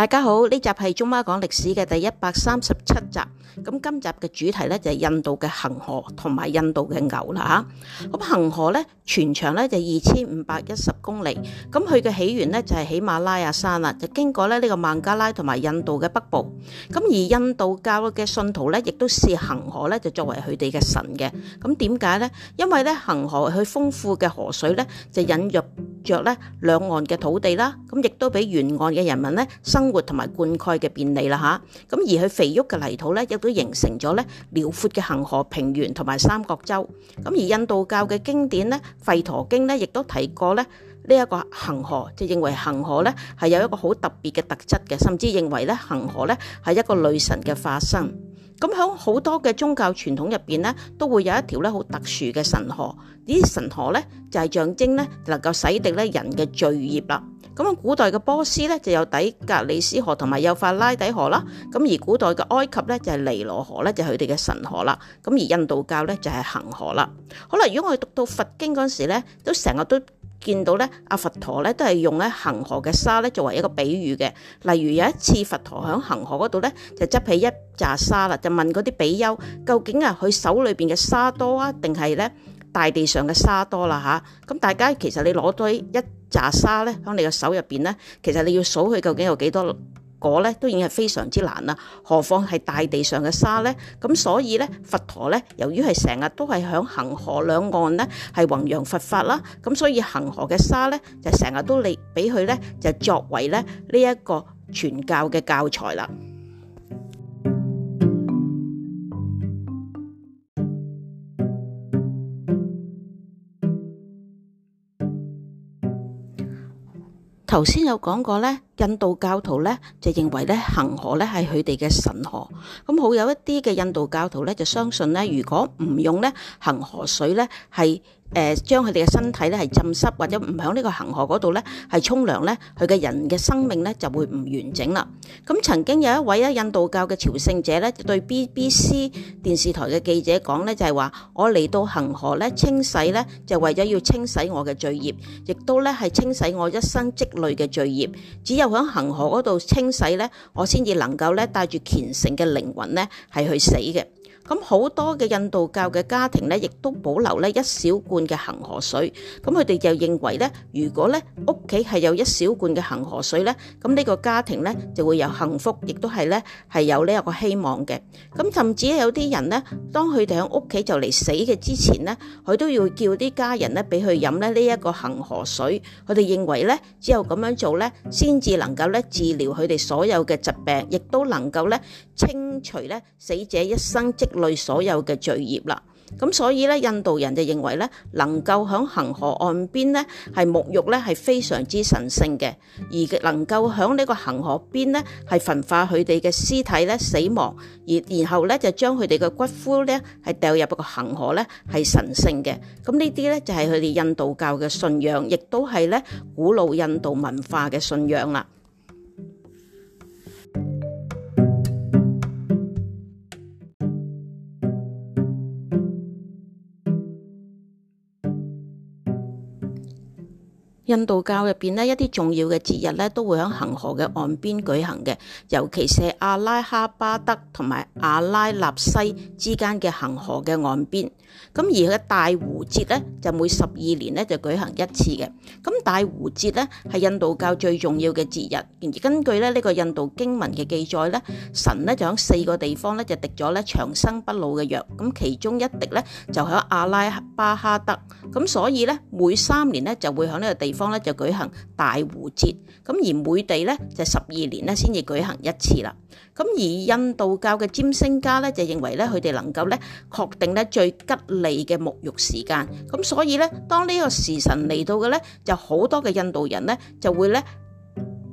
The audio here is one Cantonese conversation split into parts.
大家好，呢集係中媽講歷史嘅第一百三十七集。咁今集嘅主題呢，就係、是、印度嘅恒河同埋印度嘅牛啦吓。咁恒河呢，全長呢，就二千五百一十公里。咁佢嘅起源呢，就係、是、喜馬拉雅山啦，就經過呢呢、這個孟加拉同埋印度嘅北部。咁而印度教嘅信徒呢，亦都視恒河呢，就作為佢哋嘅神嘅。咁點解呢？因為呢，恒河佢豐富嘅河水呢，就引入着呢兩岸嘅土地啦。咁亦都俾沿岸嘅人民呢。生。生活同埋灌溉嘅便利啦吓，咁而佢肥沃嘅泥土咧，亦都形成咗咧遼闊嘅恒河平原同埋三角洲。咁而印度教嘅經典咧《吠陀經》咧，亦都提過咧呢一個恒河，即係認為恒河咧係有一個好特別嘅特質嘅，甚至認為咧恒河咧係一個女神嘅化身。咁喺好多嘅宗教傳統入邊咧，都會有一條咧好特殊嘅神河。呢啲神河咧就係、是、象徵咧能夠洗滌咧人嘅罪孽啦。咁啊，古代嘅波斯咧就有底格里斯河同埋幼發拉底河啦。咁而古代嘅埃及咧就係、是、尼羅河咧就係佢哋嘅神河啦。咁而印度教咧就係、是、恒河啦。好啦，如果我哋讀到佛經嗰陣時咧，都成日都～見到咧，阿佛陀咧都係用咧恆河嘅沙咧作為一個比喻嘅。例如有一次，佛陀喺恆河嗰度咧就執起一紮沙啦，就問嗰啲比丘究竟啊佢手裏邊嘅沙多啊，定係咧大地上嘅沙多啦，啊、吓，咁、啊、大家其實你攞咗一紮沙咧喺你嘅手入邊咧，其實你要數佢究竟有幾多？果咧都已經係非常之難啦，何況係大地上嘅沙咧，咁所以咧，佛陀咧，由於係成日都係響恒河兩岸咧，係弘揚佛法啦，咁所以恒河嘅沙咧，就成日都嚟俾佢咧，就作為咧呢一個傳教嘅教材啦。頭先有講過咧。印度教徒咧就認為咧恒河咧係佢哋嘅神河，咁好有一啲嘅印度教徒咧就相信咧，如果唔用咧恒河水咧係誒將佢哋嘅身體咧係浸濕或者唔響呢個恒河嗰度咧係沖涼咧，佢嘅人嘅生命咧就會唔完整啦。咁曾經有一位咧印度教嘅朝聖者咧對 BBC 電視台嘅記者講咧就係話：我嚟到恒河咧清洗咧就為咗要清洗我嘅罪業，亦都咧係清洗我一生積累嘅罪業，只有喺恒河嗰度清洗咧，我先至能夠咧帶住虔誠嘅靈魂咧，係去死嘅。咁好多嘅印度教嘅家庭咧，亦都保留咧一小罐嘅恒河水。咁佢哋又認為咧，如果咧屋企係有一小罐嘅恒河水咧，咁呢個家庭咧就會有幸福，亦都係咧係有呢一個希望嘅。咁甚至有啲人咧，當佢哋喺屋企就嚟死嘅之前咧，佢都要叫啲家人咧俾佢飲咧呢一個恒河水。佢哋認為咧，只有咁樣做咧，先至能夠咧治療佢哋所有嘅疾病，亦都能夠咧，清除咧死者一生積累所有嘅罪孽啦，咁所以咧印度人就認為咧，能夠響恒河岸邊咧係沐浴咧係非常之神聖嘅，而能夠響呢個恒河邊咧係焚化佢哋嘅屍體咧死亡，而然後咧就將佢哋嘅骨灰咧係掉入嗰個恒河咧係神聖嘅，咁呢啲咧就係佢哋印度教嘅信仰，亦都係咧古老印度文化嘅信仰啦。印度教入邊呢，一啲重要嘅節日咧，都會喺恒河嘅岸邊舉行嘅，尤其是阿拉哈巴德同埋阿拉納西之間嘅恒河嘅岸邊。咁而佢嘅大湖節咧，就每十二年咧就舉行一次嘅。咁大湖節咧，係印度教最重要嘅節日。而根據咧呢個印度經文嘅記載咧，神咧就喺四個地方咧就滴咗咧長生不老嘅藥。咁其中一滴咧就喺阿拉哈巴德。咁所以咧每三年咧就會喺呢個地方，方咧就舉行大壺節，咁而每地咧就十二年咧先至舉行一次啦。咁而印度教嘅占星家咧就認為咧佢哋能夠咧確定咧最吉利嘅沐浴時間，咁所以咧當呢個時辰嚟到嘅咧，就好多嘅印度人咧就會咧。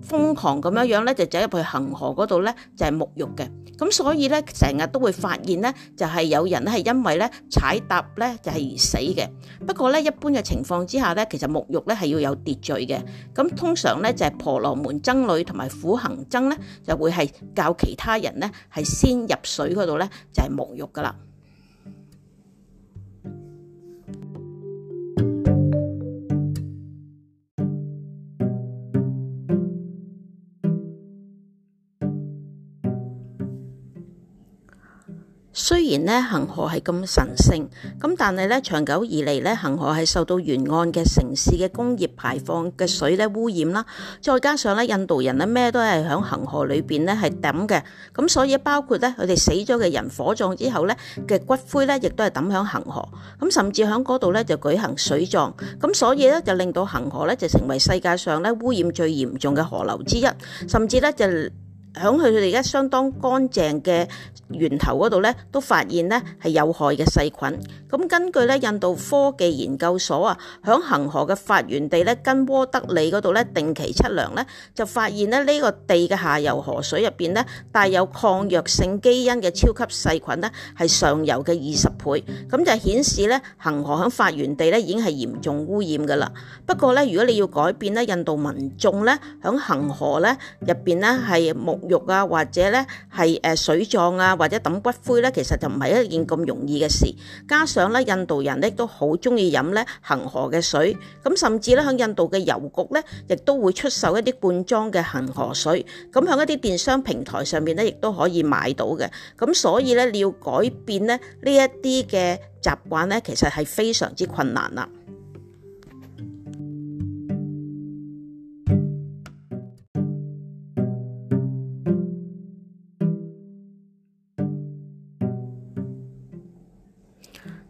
瘋狂咁樣樣咧，就走入去恆河嗰度咧，就係沐浴嘅。咁所以咧，成日都會發現咧，就係有人咧係因為咧踩踏咧就係而死嘅。不過咧，一般嘅情況之下咧，其實沐浴咧係要有秩序嘅。咁通常咧就係婆羅門僧侶同埋苦行僧咧就會係教其他人咧係先入水嗰度咧就係沐浴噶啦。雖然咧恒河係咁神聖，咁但係咧長久以嚟咧恒河係受到沿岸嘅城市嘅工業排放嘅水咧污染啦，再加上咧印度人咧咩都係響恒河裏邊咧係抌嘅，咁所以包括咧佢哋死咗嘅人火葬之後咧嘅骨灰咧亦都係抌響恒河，咁甚至響嗰度咧就舉行水葬，咁所以咧就令到恒河咧就成爲世界上咧污染最嚴重嘅河流之一，甚至咧就。喺佢哋而家相當乾淨嘅源頭嗰度咧，都發現呢係有害嘅細菌。咁根據咧印度科技研究所啊，喺恒河嘅發源地咧，跟沃德里嗰度咧定期測量咧，就發現咧呢個地嘅下游河水入邊咧帶有抗藥性基因嘅超級細菌咧，係上游嘅二十倍。咁就顯示咧，恒河喺發源地咧已經係嚴重污染㗎啦。不過咧，如果你要改變咧，印度民眾咧喺恒河咧入邊咧係木肉啊，或者咧係誒水葬啊，或者抌骨灰咧，其實就唔係一件咁容易嘅事。加上咧，印度人咧都好中意飲咧恒河嘅水，咁甚至咧喺印度嘅郵局咧亦都會出售一啲罐裝嘅恒河水，咁喺一啲電商平台上面咧亦都可以買到嘅。咁所以咧，你要改變咧呢這一啲嘅習慣咧，其實係非常之困難啦。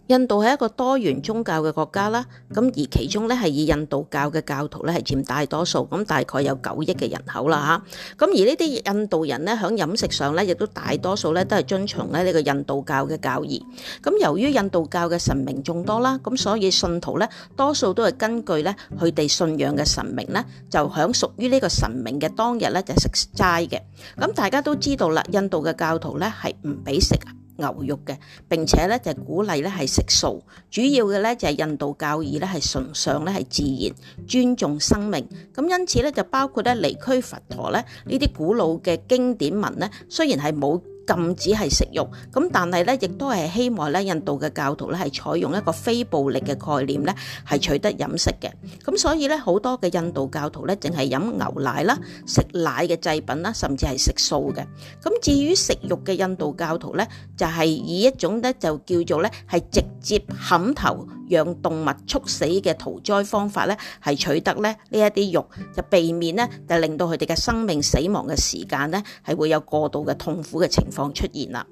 印度係一個多元宗教嘅國家啦，咁而其中咧係以印度教嘅教徒咧係佔大多數，咁大概有九億嘅人口啦嚇，咁而呢啲印度人咧喺飲食上咧亦都大多數咧都係遵從咧呢個印度教嘅教義，咁由於印度教嘅神明眾多啦，咁所以信徒咧多數都係根據咧佢哋信仰嘅神明咧就喺屬於呢個神明嘅當日咧就食齋嘅，咁大家都知道啦，印度嘅教徒咧係唔俾食牛肉嘅，並且咧就係鼓勵咧係食素，主要嘅咧就係、是、印度教義咧係崇尚咧係自然，尊重生命，咁因此咧就包括咧離區佛陀咧呢啲古老嘅經典文咧，雖然係冇。禁止係食肉，咁但係咧，亦都係希望咧，印度嘅教徒咧係採用一個非暴力嘅概念咧，係取得飲食嘅。咁所以咧，好多嘅印度教徒咧，淨係飲牛奶啦、食奶嘅製品啦，甚至係食素嘅。咁至於食肉嘅印度教徒咧，就係、是、以一種咧，就叫做咧，係直接砍頭，讓動物速死嘅屠宰方法咧，係取得呢一啲肉，就避免就令到佢哋嘅生命死亡嘅時間咧，係會有過度嘅痛苦嘅情況出現啦。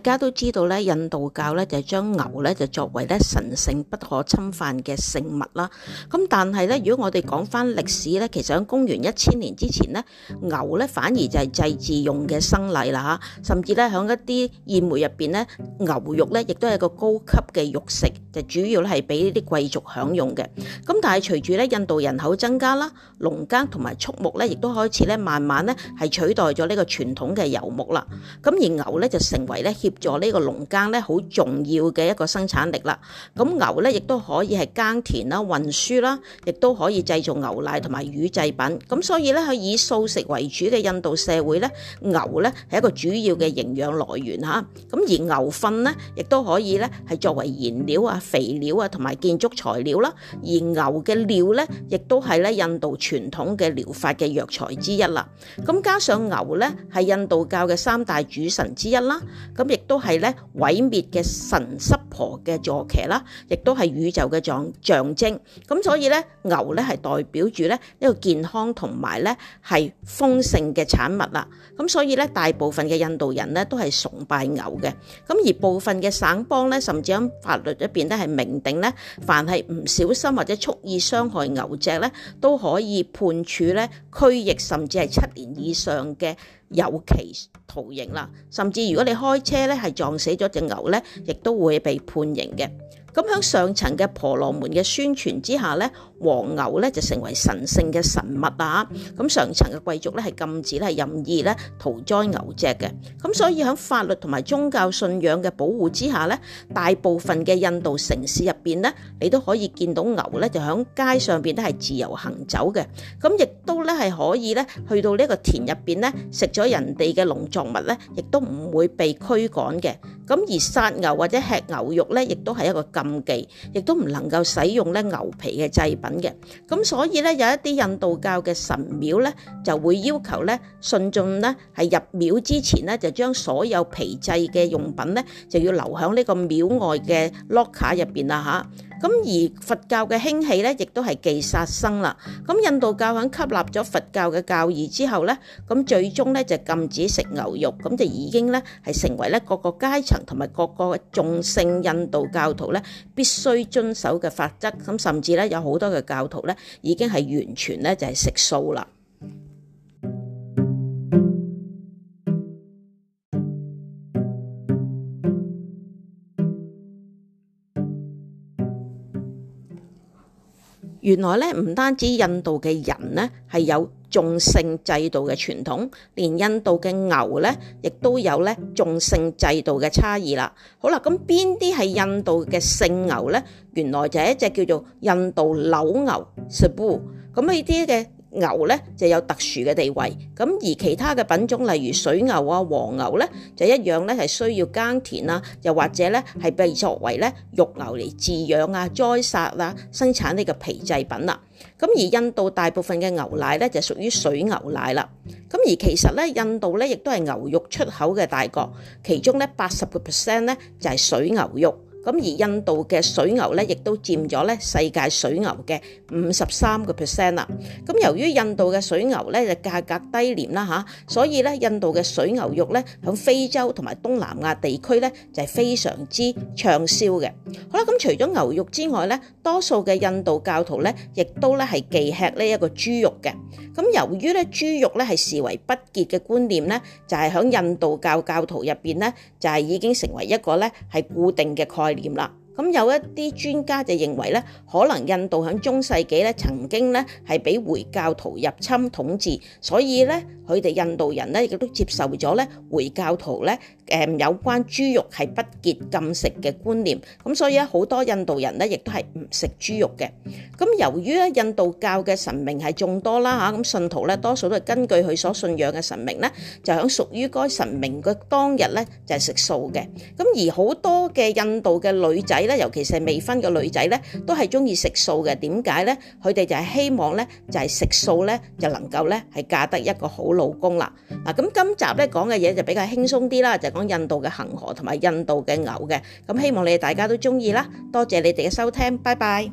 大家都知道咧，印度教咧就將牛咧就作為咧神聖不可侵犯嘅聖物啦。咁但係咧，如果我哋講翻歷史咧，其實喺公元一千年之前咧，牛咧反而就係祭祀用嘅牲禮啦。吓，甚至咧喺一啲燕梅入邊咧，牛肉咧亦都係個高級嘅肉食，就主要咧係俾呢啲貴族享用嘅。咁但係隨住咧印度人口增加啦，農耕同埋畜牧咧，亦都開始咧慢慢咧係取代咗呢個傳統嘅游牧啦。咁而牛咧就成為咧。協助呢個農耕咧，好重要嘅一個生產力啦。咁牛咧，亦都可以係耕田啦、運輸啦，亦都可以製造牛奶同埋乳製品。咁所以咧，佢以素食為主嘅印度社會咧，牛咧係一個主要嘅營養來源嚇。咁而牛糞咧，亦都可以咧係作為燃料啊、肥料啊同埋建築材料啦。而牛嘅尿咧，亦都係咧印度傳統嘅療法嘅藥材之一啦。咁加上牛咧係印度教嘅三大主神之一啦。咁亦都係咧毀滅嘅神濕婆嘅坐騎啦，亦都係宇宙嘅象象徵。咁所以咧，牛咧係代表住咧呢個健康同埋咧係豐盛嘅產物啦。咁所以咧，大部分嘅印度人咧都係崇拜牛嘅。咁而部分嘅省邦咧，甚至喺法律入邊咧係明定咧，凡係唔小心或者蓄意傷害牛隻咧，都可以判處咧拘役，甚至係七年以上嘅啦，有期徒刑，甚至如果你開車咧係撞死咗隻牛咧，亦都會被判刑嘅。咁喺上層嘅婆羅門嘅宣傳之下咧。黃牛咧就成為神聖嘅神物啊！咁上層嘅貴族咧係禁止咧係任意咧屠宰牛隻嘅。咁所以喺法律同埋宗教信仰嘅保護之下咧，大部分嘅印度城市入邊咧，你都可以見到牛咧就喺街上邊咧係自由行走嘅。咁亦都咧係可以咧去到呢個田入邊咧食咗人哋嘅農作物咧，亦都唔會被驅趕嘅。咁而殺牛或者吃牛肉咧，亦都係一個禁忌，亦都唔能夠使用咧牛皮嘅製品。嘅，咁所以咧有一啲印度教嘅神廟咧，就會要求咧信眾咧係入廟之前咧，就將所有皮製嘅用品咧，就要留喺呢個廟外嘅 locker 入邊啦吓。咁而佛教嘅興起咧，亦都係忌殺生啦。咁印度教喺吸納咗佛教嘅教義之後咧，咁最終咧就禁止食牛肉，咁就已經咧係成為咧各個階層同埋各個種姓印度教徒咧必須遵守嘅法則。咁甚至咧有好多嘅教徒咧已經係完全咧就係食素啦。原來咧唔單止印度嘅人咧係有種姓制度嘅傳統，連印度嘅牛咧亦都有咧種姓制度嘅差異啦。好啦，咁邊啲係印度嘅姓牛咧？原來就係一隻叫做印度瘤牛 Zebu 咁呢啲嘅。牛咧就有特殊嘅地位，咁而其他嘅品種，例如水牛啊、黃牛咧，就一樣咧係需要耕田啊，又或者咧係被作為咧肉牛嚟飼養啊、宰殺啊，生產呢個皮製品啦。咁而印度大部分嘅牛奶咧就屬於水牛奶啦。咁而其實咧，印度咧亦都係牛肉出口嘅大國，其中咧八十個 percent 咧就係水牛肉。咁而印度嘅水牛咧，亦都佔咗咧世界水牛嘅五十三個 percent 啦。咁由於印度嘅水牛咧，就價格低廉啦吓，所以咧印度嘅水牛肉咧，響非洲同埋東南亞地區咧，就係非常之暢銷嘅。好啦，咁除咗牛肉之外咧，多數嘅印度教徒咧，亦都咧係忌吃呢一個豬肉嘅。咁由於咧豬肉咧係視為不潔嘅觀念咧，就係響印度教教徒入邊咧，就係已經成為一個咧係固定嘅概念。嚴啦！咁有一啲專家就認為咧，可能印度喺中世紀咧曾經咧係俾回教徒入侵統治，所以咧佢哋印度人咧亦都接受咗咧回教徒咧誒有關豬肉係不潔禁食嘅觀念，咁所以咧好多印度人咧亦都係唔食豬肉嘅。咁由於咧印度教嘅神明係眾多啦嚇，咁信徒咧多數都係根據佢所信仰嘅神明咧，就喺屬於該神明嘅當日咧就係食素嘅。咁而好多嘅印度嘅女仔，咧，尤其是未婚嘅女仔咧，都係中意食素嘅。點解咧？佢哋就係希望咧，就係食素咧，就能夠咧係嫁得一個好老公啦。嗱，咁今集咧講嘅嘢就比較輕鬆啲啦，就係講印度嘅恒河同埋印度嘅牛嘅。咁希望你哋大家都中意啦。多謝你哋嘅收聽，拜拜。